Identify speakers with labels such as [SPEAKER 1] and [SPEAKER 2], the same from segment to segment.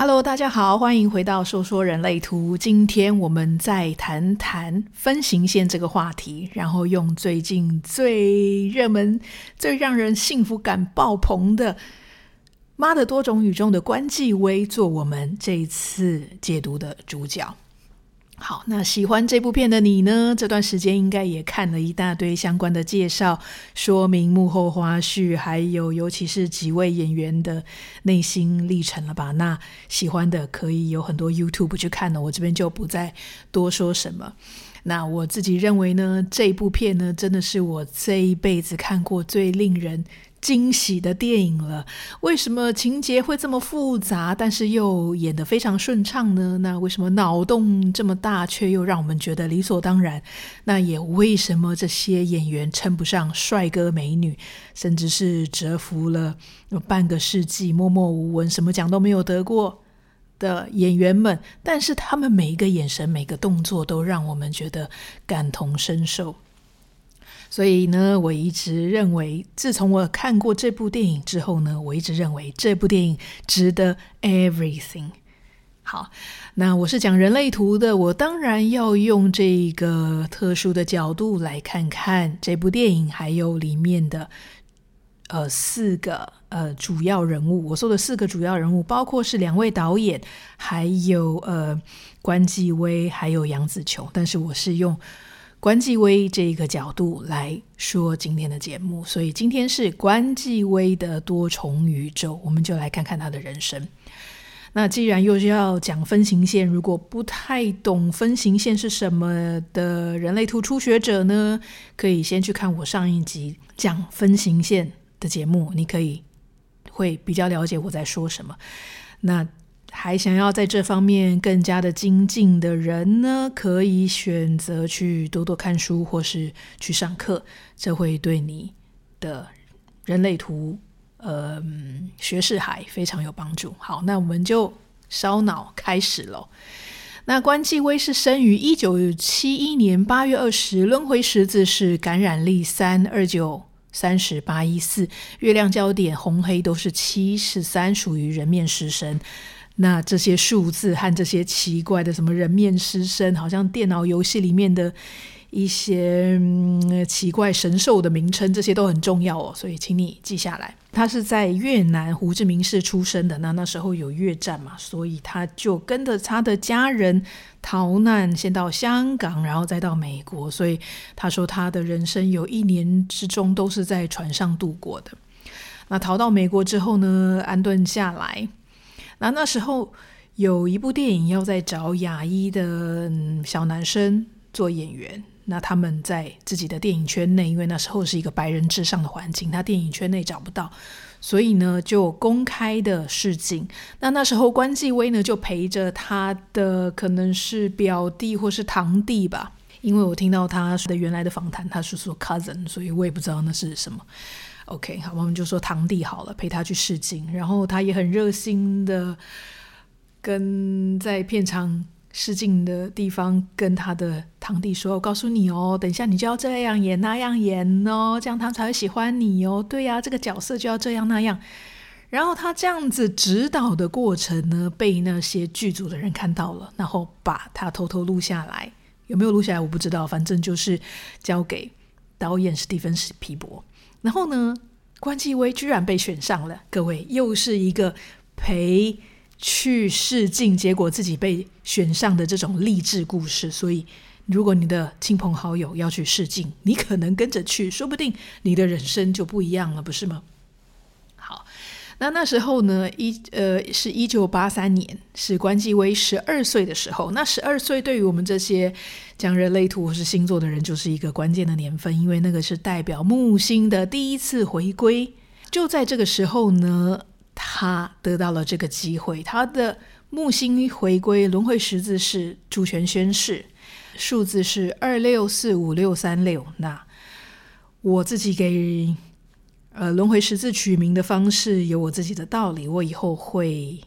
[SPEAKER 1] Hello，大家好，歡迎回到說說人類圖。今天我們再談談分形線這個話題，然後用最近最熱門、最讓人幸福感爆棚的“媽的多重宇宙”的關繼威做我們這一次解讀的主角。好，那喜歡這部片的你呢？這段時間應該也看了一大堆相關的介紹、說明、幕後花絮，還有尤其是幾位演員的內心歷程了吧？那喜歡的可以有很多 YouTube 去看了，哦，我這邊就不再多說什麼。那我自己認為呢，這部片呢，真的是我這一輩子看過最令人驚喜的電影了。為什麼情節會這麼複雜，但是又演得非常順暢呢？那為什麼腦洞這麼大，卻又讓我們覺得理所當然？那也為什麼這些演員稱不上帥哥美女，甚至是蟄伏了半個世紀，默默無聞，什麼獎都沒有得過？的演員們，但是他們每一個眼神、每個動作都讓我們覺得感同身受。所以呢，我一直認為，自從我看過這部電影之後呢，我一直認為這部電影值得 Everything。好，那我是講人類圖的，我當然要用這個特殊的角度來看看這部電影，還有裡面的。呃，四個呃主要人物，我說的四個主要人物包括是兩位導演，還有呃關繼威，還有楊紫瓊。但是我是用關繼威這一個角度來說今天的節目，所以今天是關繼威的多重宇宙，我們就來看看他的人生。那既然又要講分形線，如果不太懂分形線是什麼的人類圖初學者呢，可以先去看我上一集講分形線的節目，你可以會比較了解我在說什麼。那還想要在這方面更加的精進的人呢，可以選擇去多多看書或是去上課，這會對你的人類圖、呃學識海非常有幫助。好，那我們就燒腦開始嘍。那關繼威是生於一九七一年八月二十，輪回十字是感染力三二九。三十八一四，月亮焦點紅黑都是七十三，屬於人面獅身。那這些數字和這些奇怪的什麼人面獅身，好像電腦遊戲裡面的。一些、嗯、奇怪神獸的名稱，這些都很重要哦，所以請你記下來。他是在越南胡志明市出生的，那那時候有越戰嘛，所以他就跟着他的家人逃難，先到香港，然後再到美國。所以他說他的人生有一年之中都是在船上度過的。那逃到美國之後呢，安頓下來。那那時候有一部電影要在找亞裔的、嗯、小男生做演員。那他們在自己的電影圈內，因為那時候是一個白人至上的環境，他電影圈內找不到，所以呢就公開的試鏡。那那時候關繼威呢就陪着他的可能是表弟或是堂弟吧，因為我聽到他說的原來的訪談，他是說 cousin，所以我也不知道那是什麼。OK，好，我們就說堂弟好了，陪他去試鏡，然後他也很熱心的跟在片場。試鏡的地方，跟他的堂弟說：“我告訴你哦，等一下你就要這樣演那樣演哦，這樣他才會喜歡你哦。”對呀、啊，這個角色就要這樣那樣。然後他這樣子指導的過程呢，被那些劇組的人看到了，然後把他偷偷錄下來。有沒有錄下來我不知道，反正就是交給導演史蒂芬史皮博。然後呢，關繼威居然被選上了。各位，又是一個陪去試鏡，結果自己被選上的這種勵志故事，所以如果你的親朋好友要去試鏡，你可能跟着去，說不定你的人生就不一樣了，不是嗎？好，那那時候呢，一呃是一九八三年，是關繼威十二歲的時候。那十二歲對於我們這些講人類圖或是星座的人，就是一個關鍵的年份，因為那個是代表木星的第一次回歸。就在這個時候呢。他得到了這個機會，他的木星回歸輪迴十字是主權宣誓，數字是二六四五六三六。那我自己給呃輪迴十字取名的方式有我自己的道理，我以後會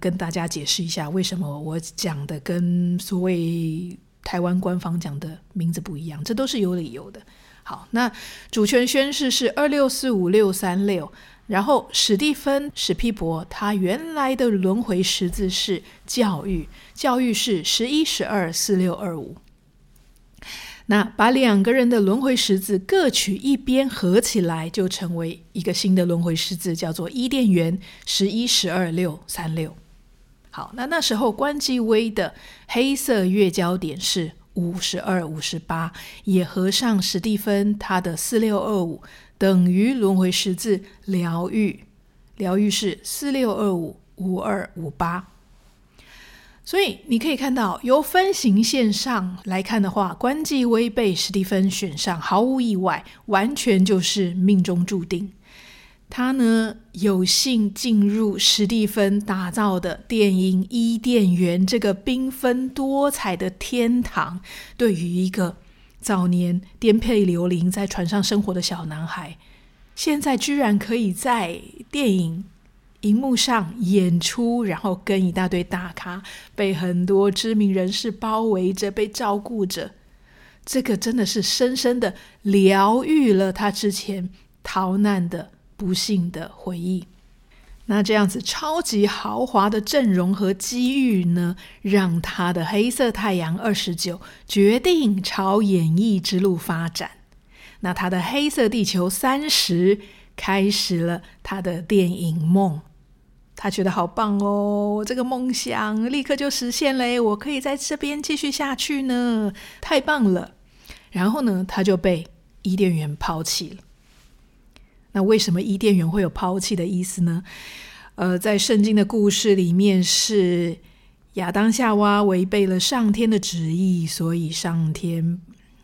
[SPEAKER 1] 跟大家解釋一下為什麼我講的跟所謂台灣官方講的名字不一樣，這都是有理由的。好，那主權宣誓是二六四五六三六，然後史蒂芬史匹柏他原來的輪回十字是教育，教育是十一十二四六二五，那把兩個人的輪回十字各取一邊合起來，就成為一個新的輪回十字，叫做伊甸園十一十二六三六。好，那那時候關繼威的黑色月焦點是五十二、五十八也合上史蒂芬他的四六二五，等於輪回十字療癒，療癒是四六二五五二五八，所以你可以看到，由分形線上來看的話，關繼威被史蒂芬選上，毫無意外，完全就是命中注定。他呢，有幸進入史蒂芬打造的電影《伊甸園》這個繽紛多彩的天堂。對於一個早年顛沛流離、在船上生活的小男孩，現在居然可以在電影熒幕上演出，然後跟一大堆大咖被很多知名人士包圍着、被照顧着，這個真的是深深的療癒了他之前逃難的。不幸的回憶。那這樣子超級豪華的陣容和機遇呢，讓他的黑色太陽二十九決定朝演藝之路發展。那他的黑色地球三十開始了他的電影夢。他覺得好棒哦，這個夢想立刻就實現嘞，我可以在這邊繼續下去呢，太棒了。然後呢，他就被伊甸園拋棄了。那為什麼伊甸園會有拋棄的意思呢？呃，在聖經的故事裡面，是亞當夏娃違背了上天的旨意，所以上天。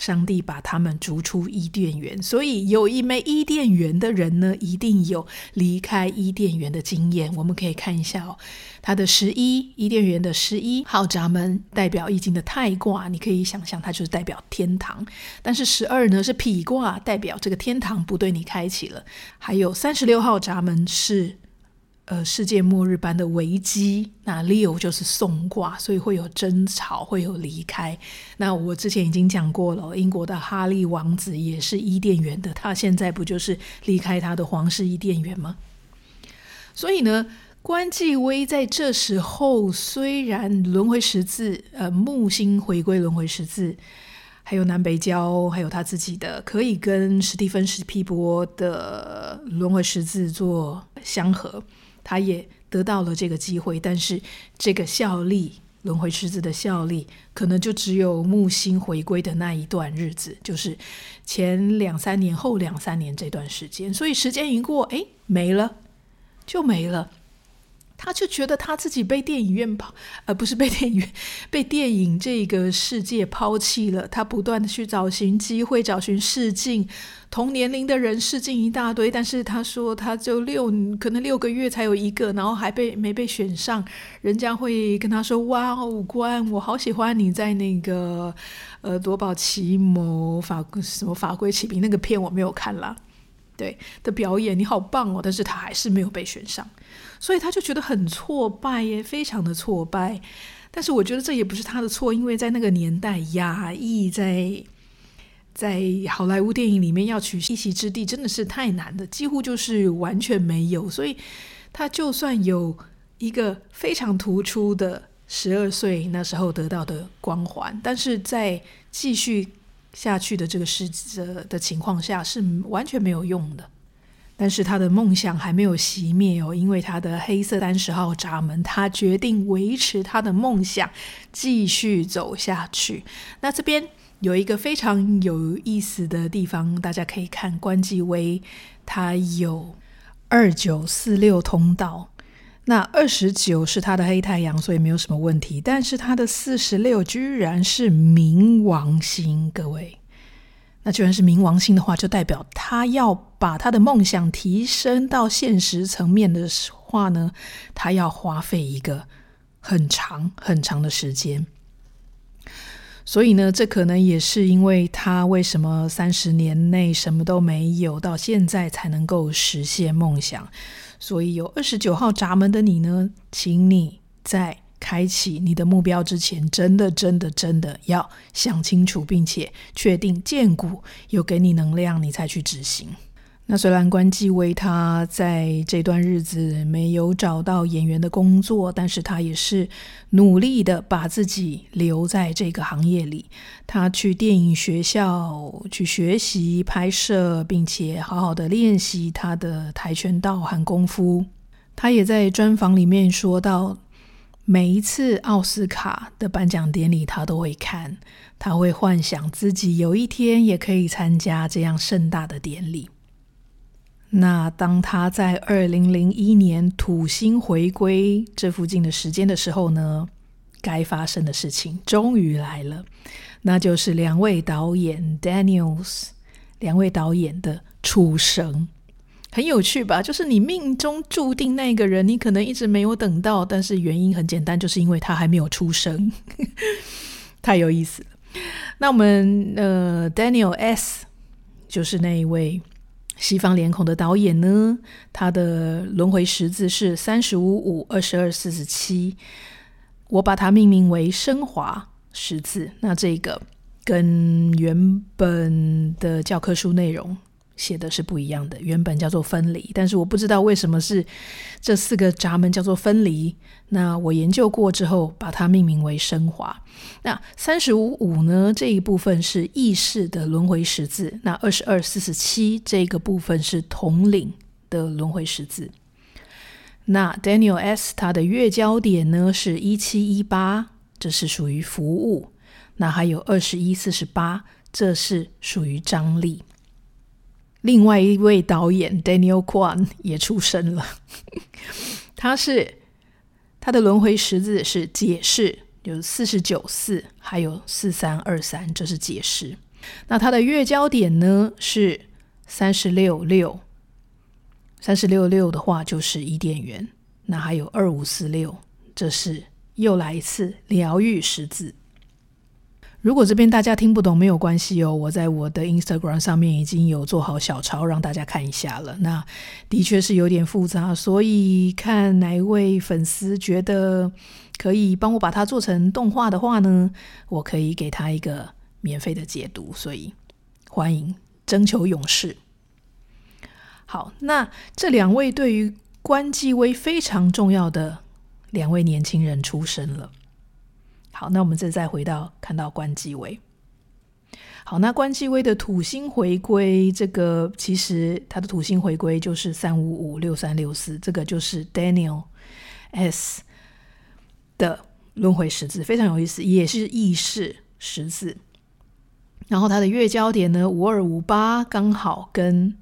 [SPEAKER 1] 上帝把他們逐出伊甸園，所以有一枚伊甸園的人呢，一定有離開伊甸園的經驗。我們可以看一下哦，它的十一，伊甸園的十一號閘門代表易經的泰卦，你可以想象它就是代表天堂。但是十二呢是否卦，代表這個天堂不對你開啟了。還有三十六號閘門是。呃，世界末日般的危機，那 Leo 就是送卦，所以會有爭吵，會有離開。那我之前已經講過了，英國的哈利王子也是伊甸園的，他現在不就是離開他的皇室伊甸園嗎？所以呢，關繼威在這時候雖然輪迴十字，呃，木星回歸輪迴十字，還有南北交，還有他自己的可以跟史蒂芬·史匹柏的輪迴十字做相合。他也得到了這個機會，但是這個效力，輪回獅子的效力，可能就只有木星回歸的那一段日子，就是前兩三年、後兩三年這段時間。所以時間一過，哎，沒了，就沒了。他就覺得他自己被電影院拋，而、呃、不是被電影院，被電影這個世界拋棄了。他不斷的去找尋機會，找尋試鏡，同年齡的人試鏡一大堆，但是他說他就六可能六個月才有一個，然後還被沒被選上。人家會跟他說：“哇，五官，我好喜歡你在那個呃奪寶奇謀法什麼法櫃奇兵那個片我沒有看了，對的表演你好棒哦。”但是，他還是沒有被選上。所以他就覺得很挫敗耶，非常的挫敗。但是我覺得這也不是他的錯，因為在那個年代，亞裔在在好萊塢電影裡面要取一席之地，真的是太難了，幾乎就是完全沒有。所以他就算有一個非常突出的十二歲那時候得到的光環，但是在繼續下去的這個時機的情況下，是完全沒有用的。但是他的夢想還沒有熄滅哦，因為他的黑色三十號閘門，他決定維持他的夢想，繼續走下去。那這邊有一個非常有意思的地方，大家可以看關繼威，他有二九四六通道，那二十九是他的黑太陽，所以沒有什麼問題。但是他的四十六居然是冥王星，各位。那既然是冥王星的話，就代表他要把他的夢想提升到現實層面的話呢，他要花費一個很長很長的時間。所以呢，這可能也是因為他為什麼三十年內什麼都沒有，到現在才能夠實現夢想。所以有二十九號閘門的你呢，請你在開啟你的目標之前，真的真的真的要想清楚，並且確定薦骨有給你能量，你才去執行。那雖然關繼威他在這段日子沒有找到演員的工作，但是他也是努力的把自己留在這個行業裡。他去電影學校去學習拍攝，並且好好的練習他的跆拳道和功夫。他也在專訪裡面說到。每一次奧斯卡的頒獎典禮，他都會看，他會幻想自己有一天也可以參加這樣盛大的典禮。那當他在二零零一年土星回歸這附近的時間的時候呢，該發生的事情終於來了，那就是兩位導演 Daniels 兩位導演的出生。很有趣吧？就是你命中注定那個人，你可能一直沒有等到，但是原因很簡單，就是因為他還沒有出生。 太有意思了。那我們呃，Daniel S，就是那一位西方臉孔的導演呢，他的輪回十字是三十五五二十二四十七，我把它命名為升華十字，那這個跟原本的教科書內容。寫的是不一樣的，原本叫做分離，但是我不知道為什麼是這四個閘門叫做分離。那我研究過之後，把它命名為昇華。那三十五五呢？這一部分是意識的輪迴十字。那二十二四十七這個部分是統領的輪迴十字。那 Daniel S 他的月交點呢是一七一八，這是屬於服務。那還有二十一四十八，這是屬於張力。另外一位導演 Daniel Kwan 也出生了， 他是他的輪迴十字是解釋，有四十九四，還有四三二三，這是解釋。那他的月交點呢是三十六六，三十六六的話就是伊甸園。那還有二五四六，這是又來一次療癒十字。如果這邊大家聽不懂沒有關係哦，我在我的 Instagram 上面已經有做好小抄讓大家看一下了。那的確是有點複雜，所以看哪一位粉絲覺得可以幫我把它做成動畫的話呢，我可以給他一個免費的解讀，所以歡迎徵求勇士。好，那這兩位對於關繼威非常重要的兩位年輕人出生了。好，那我們這再回到看到關繼威。好，那關繼威的土星回歸，這個其實它的土星回歸就是三五五六三六四，這個就是 Daniel S 的輪迴十字，非常有意思，也是意識十字。然後它的月交點呢，五二五八，剛好跟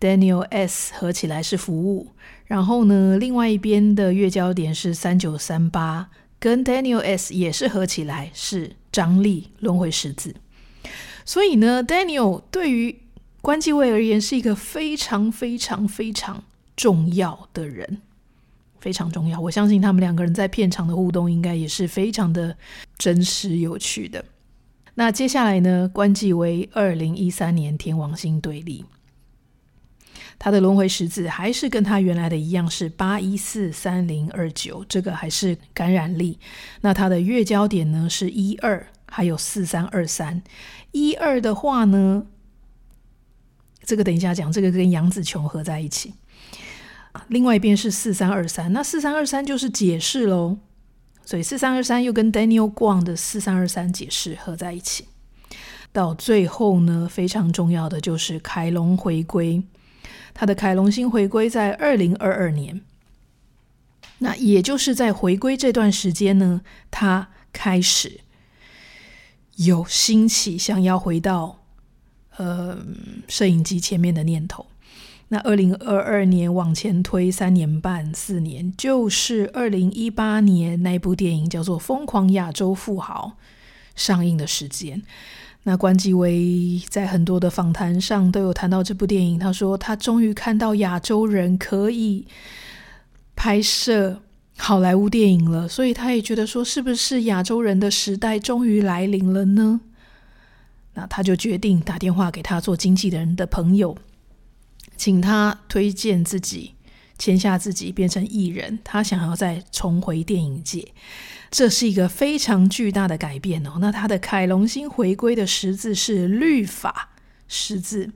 [SPEAKER 1] Daniel S 合起來是服務，然後呢，另外一邊的月交點是三九三八。跟 Daniel S 也是合起來是張力輪迴十字，所以呢，Daniel 對於關繼威而言是一個非常非常非常重要的人，非常重要。我相信他們兩個人在片場的互動應該也是非常的真實有趣的。那接下來呢，關繼威二零一三年天王星對立。它的輪回十字還是跟它原來的一樣，是八一四三零二九，這個還是感染力。那它的月焦點呢是一二，還有四三二三。一二的話呢，這個等一下講，這個跟楊子瓊合在一起。另外一邊是四三二三，那四三二三就是解釋嘍。所以四三二三又跟 Daniel 逛的四三二三解釋合在一起。到最後呢，非常重要的就是凱龍回歸。他的凱龍星回歸在二零二二年，那也就是在回歸這段時間呢，他開始有興起想要回到呃攝影機前面的念頭。那二零二二年往前推三年半，四年，就是二零一八年那一部電影叫做《瘋狂亞洲富豪》上映的時間。那關繼威在很多的訪談上都有談到這部電影，他說他終於看到亞洲人可以拍攝好萊塢電影了，所以他也覺得說是不是亞洲人的時代終於來臨了呢？那他就決定打電話給他做經紀的人的朋友，請他推薦自己。簽下自己變成藝人，他想要再重回電影界，這是一個非常巨大的改變哦。那他的凱龍星回歸的十字是律法十字，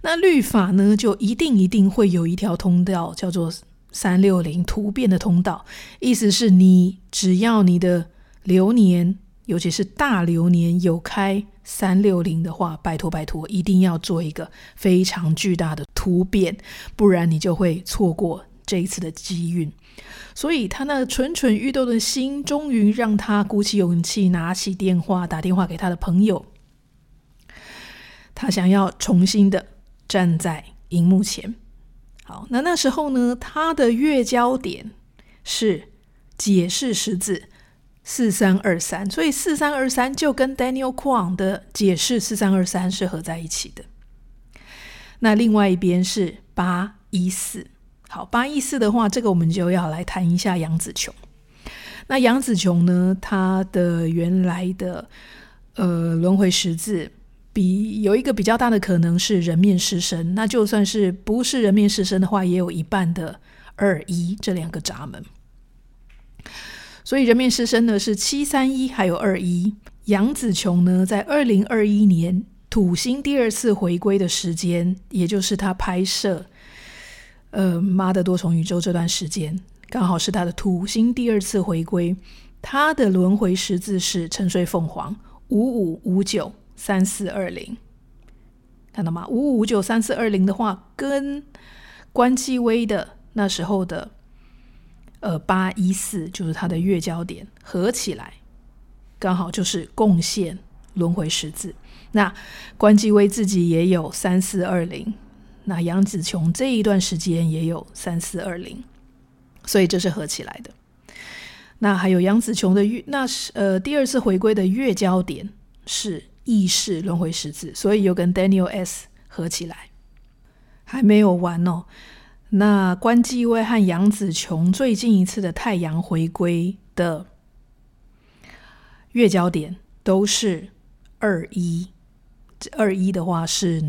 [SPEAKER 1] 那律法呢，就一定一定會有一條通道，叫做三六零突變的通道。意思是，你只要你的流年，尤其是大流年有開三六零的話，拜託拜託，一定要做一個非常巨大的。突變，不然你就會錯過這一次的機運。所以，他那蠢蠢欲動的心，終於讓他鼓起勇氣拿起電話，打電話給他的朋友。他想要重新的站在熒幕前。好，那那時候呢，他的月交點是解釋十字四三二三，所以四三二三就跟 Daniel Kwan 的解釋四三二三是合在一起的。那另外一邊是八一四，好，八一四的話，這個我們就要來談一下楊紫瓊。那楊紫瓊呢，她的原來的呃輪迴十字比有一個比較大的可能是人面獅身，那就算是不是人面獅身的話，也有一半的二一這兩個閘門。所以人面獅身呢是七三一，還有二一。楊紫瓊呢，在二零二一年。土星第二次回歸的時間，也就是他拍攝《呃媽的多重宇宙》這段時間，剛好是他的土星第二次回歸。他的輪回十字是“沉睡鳳凰”五五五九三四二零，看到嗎？五五五九三四二零的話，跟關繼威的那時候的呃八一四，814, 就是他的月交點合起來，剛好就是共線輪回十字。那關繼威自己也有三四二零，那楊紫瓊這一段時間也有三四二零，所以這是合起來的。那還有楊紫瓊的月，那是呃第二次回歸的月交點是意識輪迴十字，所以又跟 Daniel S 合起來，還沒有完哦。那關繼威和楊紫瓊最近一次的太陽回歸的月交點都是二一。二一的話是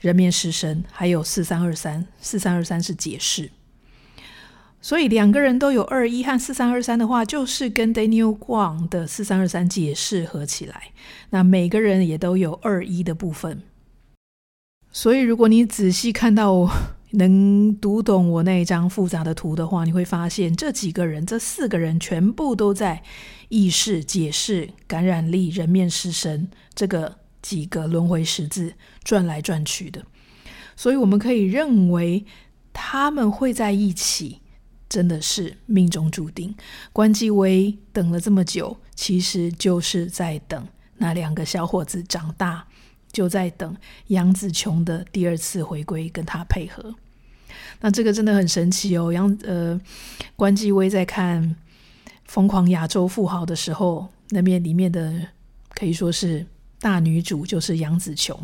[SPEAKER 1] 人面獅身，還有四三二三，四三二三是解釋。所以兩個人都有二一和四三二三的話，就是跟 Daniel Kwan 的四三二三解釋合起來。那每個人也都有二一的部分。所以如果你仔細看到我能讀懂我那一張複雜的圖的話，你會發現這幾個人，這四個人全部都在意識、解釋、感染力、人面獅身這個。幾個輪迴十字轉來轉去的，所以我們可以認為他們會在一起，真的是命中注定。關繼威等了這麼久，其實就是在等那兩個小伙子長大，就在等楊子瓊的第二次回歸跟他配合。那這個真的很神奇哦，楊呃，關繼威在看《瘋狂亞洲富豪》的時候，那面裡面的可以說是。大女主就是楊紫瓊，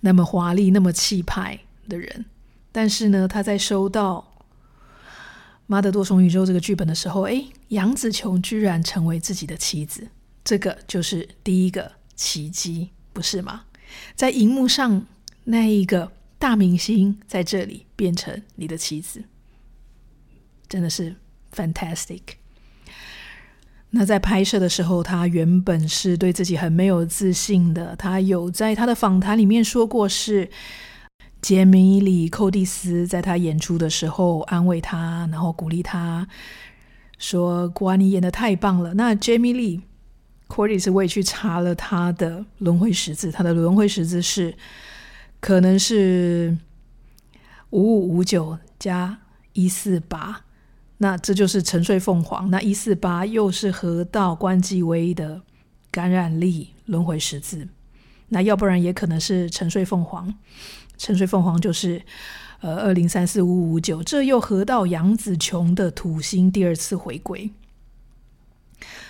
[SPEAKER 1] 那麼華麗、那麼氣派的人，但是呢，她在收到《媽的多重宇宙》這個劇本的時候，誒，楊紫瓊居然成為自己的妻子，這個就是第一個奇蹟，不是嗎？在熒幕上那一個大明星在這裡變成你的妻子，真的是 fantastic。那在拍攝的時候，他原本是對自己很沒有自信的。他有在他的訪談裡面說過，是傑米·李·寇蒂斯在他演出的時候安慰他，然後鼓勵他，說“關，你演的太棒了”。那傑米·李·寇蒂斯我也去查了他的輪回十字，他的輪回十字是可能是五五五九加一四八。那這就是沉睡鳳凰，那一四八又是合到關繼威的感染力輪迴十字，那要不然也可能是沉睡鳳凰，沉睡鳳凰就是呃二零三四五五九，2034559，這又合到楊紫瓊的土星第二次回歸，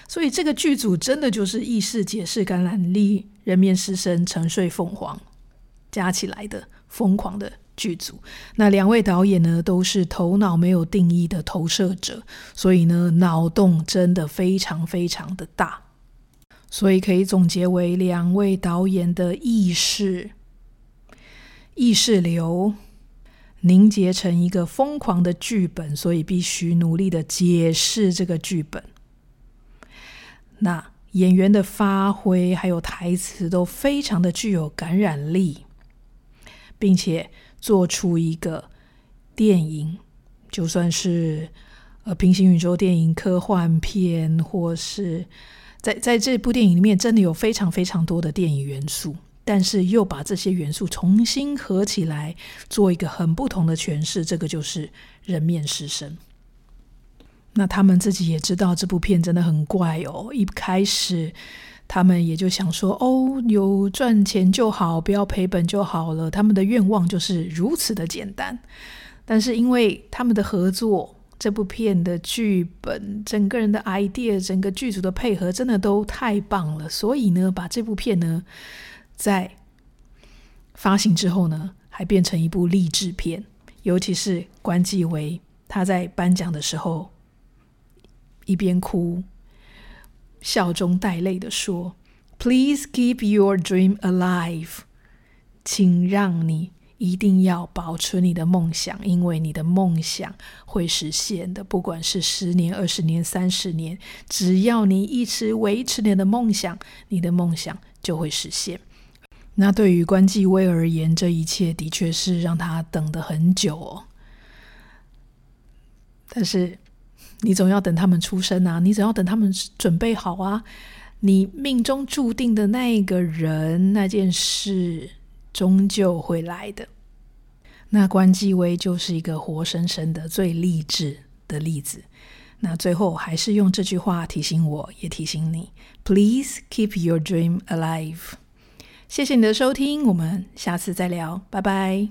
[SPEAKER 1] 所以這個劇組真的就是意識解釋感染力人面獅身沉睡鳳凰加起來的瘋狂的。劇組那兩位導演呢，都是頭腦沒有定義的投射者，所以呢腦洞真的非常非常的大，所以可以總結為兩位導演的意識意識流凝結成一個瘋狂的劇本，所以必須努力的解釋這個劇本。那演員的發揮還有台詞都非常的具有感染力，並且。做出一個電影，就算是呃平行宇宙電影、科幻片，或是在在這部電影裡面，真的有非常非常多的電影元素，但是又把這些元素重新合起來，做一個很不同的詮釋。這個就是人面獅身。那他們自己也知道這部片真的很怪哦，一開始。他們也就想說：“哦，有賺錢就好，不要賠本就好了。”他們的願望就是如此的簡單。但是因為他們的合作，這部片的劇本、整個人的 idea、整個劇組的配合，真的都太棒了。所以呢，把這部片呢，在發行之後呢，還變成一部勵志片。尤其是關繼威，他在頒獎的時候一邊哭。笑中帶淚地說：“Please keep your dream alive，請讓你一定要保持你的夢想，因為你的夢想會實現的。不管是十年、二十年、三十年，只要你一直維持你的夢想，你的夢想就會實現。那對於關繼威而言，這一切的確是讓他等得很久哦。但是。”你總要等他們出生啊！你總要等他們準備好啊！你命中注定的那個人、那件事，終究會來的。那關繼威就是一個活生生的最勵志的例子。那最後還是用這句話提醒我，也提醒你：Please keep your dream alive。謝謝你的收聽，我們下次再聊，拜拜。